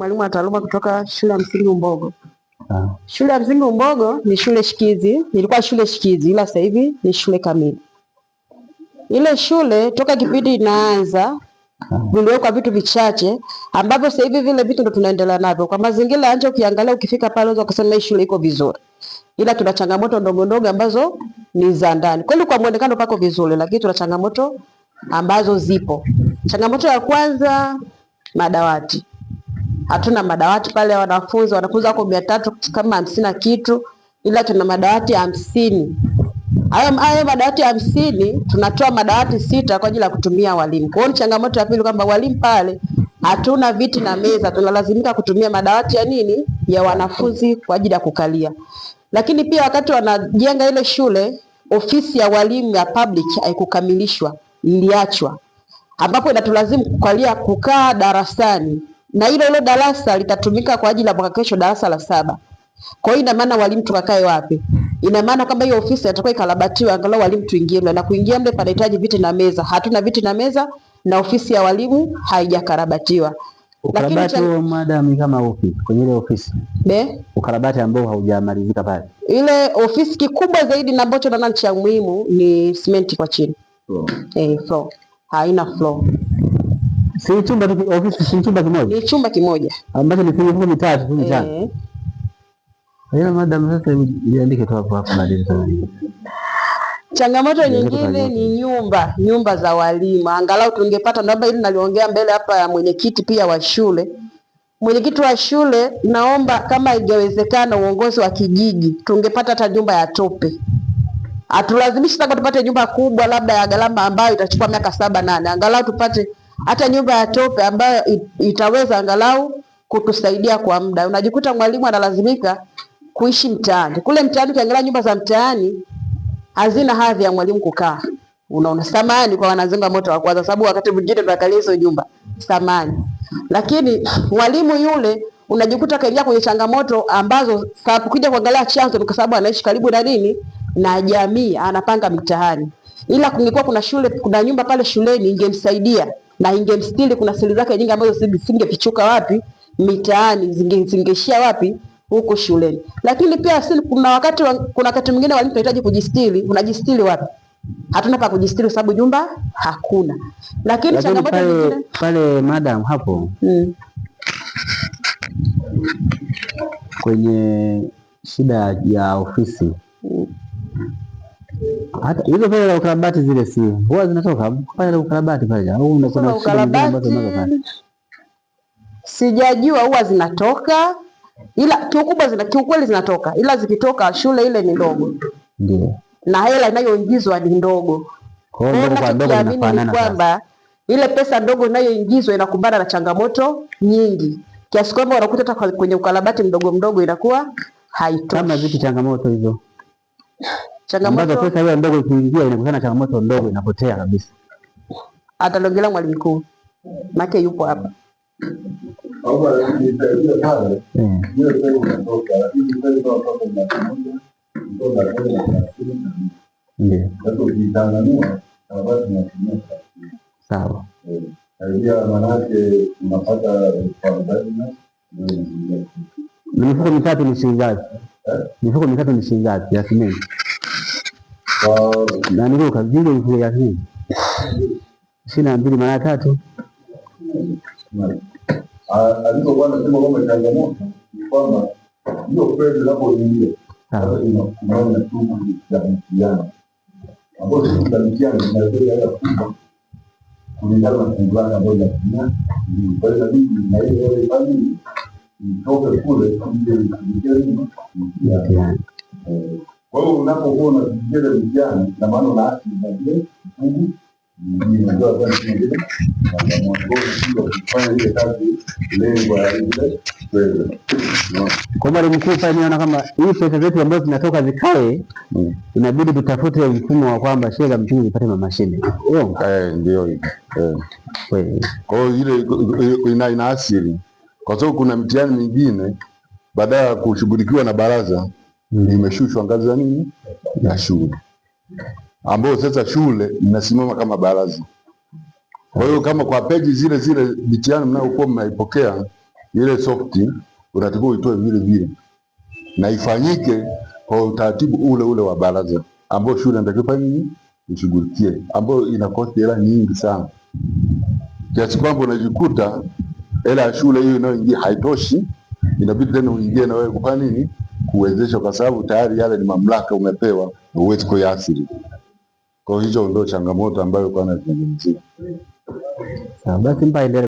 mwalimu wa taaluma kutoka shule ya msingi Umbogo. Ah. Shule ya msingi Umbogo ni shule shikizi, nilikuwa shule shikizi ila sasa hivi ni shule kamili. Ile shule toka kipindi inaanza viliwekwa ah. vitu vichache ambavyo sasa hivi vile vitu ndo tunaendelea navyo. Kwa mazingira ya nje ukiangalia, ukifika pale unaweza kusema hii shule iko vizuri, ila tuna changamoto ndogo ndogo ambazo ni za ndani. Kweli kwa muonekano pako vizuri, lakini tuna changamoto ambazo zipo. Changamoto ya kwanza madawati hatuna madawati pale wanafunzi, wanafunzi wako mia tatu kama hamsini na kitu, ila tuna madawati hamsini. Hayo Hayo madawati hamsini tunatoa madawati sita kwa ajili ya kutumia walimu. Kwa hiyo changamoto ya pili kwamba walimu pale hatuna viti na meza, tunalazimika kutumia madawati ya nini ya wanafunzi kwa ajili ya kukalia. Lakini pia wakati wanajenga ile shule, ofisi ya walimu ya public haikukamilishwa, iliachwa, ambapo inatulazimu kukalia kukaa darasani na hilo hilo darasa litatumika kwa ajili ya mwaka kesho, darasa la saba. Kwa hiyo ina maana walimu tukakae wapi? Ina maana kwamba hiyo ofisi itakuwa ikarabatiwa, angalau walimu tuingie mle, na kuingia mle panahitaji viti na meza. Hatuna viti na meza, na ofisi ya walimu haijakarabatiwa. Ukarabati huo madam, kama upi kwenye ile ofisi be, ukarabati ambao haujamalizika pale, ile ofisi kikubwa zaidi na ambacho naona cha muhimu ni simenti kwa chini, oh. Eh, floor haina floor Si chumba ofisi si chumba kimoja. Ni chumba kimoja. Ambacho ni vyumba vitatu tu Eh. Hilo madam sasa iandike tu hapo hapo madam. Changamoto nyingine ni nyumba, nyumba za walimu. Angalau tungepata ndio ili naliongea mbele hapa ya mwenyekiti pia wa shule. Mwenyekiti wa shule, naomba kama ingewezekana, uongozi wa kijiji tungepata hata nyumba ya tope. Hatulazimishi tupate nyumba kubwa labda ya gharama ambayo itachukua miaka saba nane. Angalau tupate hata nyumba ya tope ambayo itaweza angalau kutusaidia kwa muda. Unajikuta mwalimu analazimika kuishi mtaani. Kule mtaani ukiangalia nyumba za mtaani hazina hadhi ya mwalimu kukaa. Unaona samani kwa wanazenga moto wa kwanza, sababu wakati mwingine tunaangalia hizo nyumba samani. Lakini mwalimu yule unajikuta kaingia kwenye changamoto ambazo ukija kuangalia chanzo ni kwa sababu anaishi karibu na nini na jamii, anapanga mitaani. Ila kungekuwa kuna shule, kuna nyumba pale shuleni ingemsaidia na ingemstili, kuna siri zake nyingi ambazo singefichuka wapi mitaani, zingeishia wapi huko shuleni. Lakini pia siri, kuna wakati wa, kuna wakati mwingine walimu tunahitaji kujistili. Unajistili wapi? Hatuna pa kujistili, sababu nyumba hakuna. Lakini changamoto pale, pale madam hapo mm. kwenye shida ya ofisi hata hizo fedha za ukarabati zile si huwa zinatoka pale ukarabati pale au unakwenda ukarabati, sijajua huwa zinatoka, ila kiukubwa zina kiukweli zinatoka, ila zikitoka shule ile ni ndogo, ndio na hela inayoingizwa ni ndogo. Kwa hiyo nachokiamini ni kwamba ile pesa ndogo inayoingizwa inakumbana na changamoto nyingi kiasi kwamba unakuta hata kwenye ukarabati mdogo mdogo inakuwa haitoshi. Kama zipi changamoto hizo? changamoto ambazo sasa hiyo ndogo ikiingia inaonekana changamoto ndogo inapotea kabisa. Atalongelea mwalimu mkuu make yupo hapa sawa. Mifuko mitatu ni shilingi ngapi? Mifuko mitatu ni shilingi ngapi ya naniruka vile hivyo ya hii ishirini na mbili mara tatu alizokuwa kwamba changamoto ni kwamba hiyo fedha inapoingia sasa ah. kule kwa hiyo unapokuwa unaviingiza vijana, na maana unaathiri na vile kikundi kwa mwalimu mkuu pale, niona kama hii pesa zetu ambazo zinatoka zikae, mm. inabidi tutafute mfumo wa kwamba shule za msingi zipate mamashine. Eh, ndio eh. kwa hiyo ile ina inaathiri, kwa sababu kuna mtihani mingine baada ya kushughulikiwa na baraza limeshushwa ngazi ya nini ya shule, ambayo sasa shule inasimama kama baraza. Kwa hiyo kama kwa peji zile zile mitihani mnayokuwa mnaipokea ile soft, unatakiwa uitoe vile vile na ifanyike kwa utaratibu ule ule wa baraza, ambayo shule inatakiwa fanye nini ishughulikie, ambayo ina inakosta hela nyingi sana kiasi kwamba unajikuta hela ya shule hiyo inayoingia haitoshi, inabidi tena uingie na wewe kufanya nini kuwezeshwa, kwa sababu tayari yale ni mamlaka umepewa, huwezi kuyaathiri. Kwa hiyo hicho ndio changamoto ambayo kwa nazungumzia. Basi mpaendelee.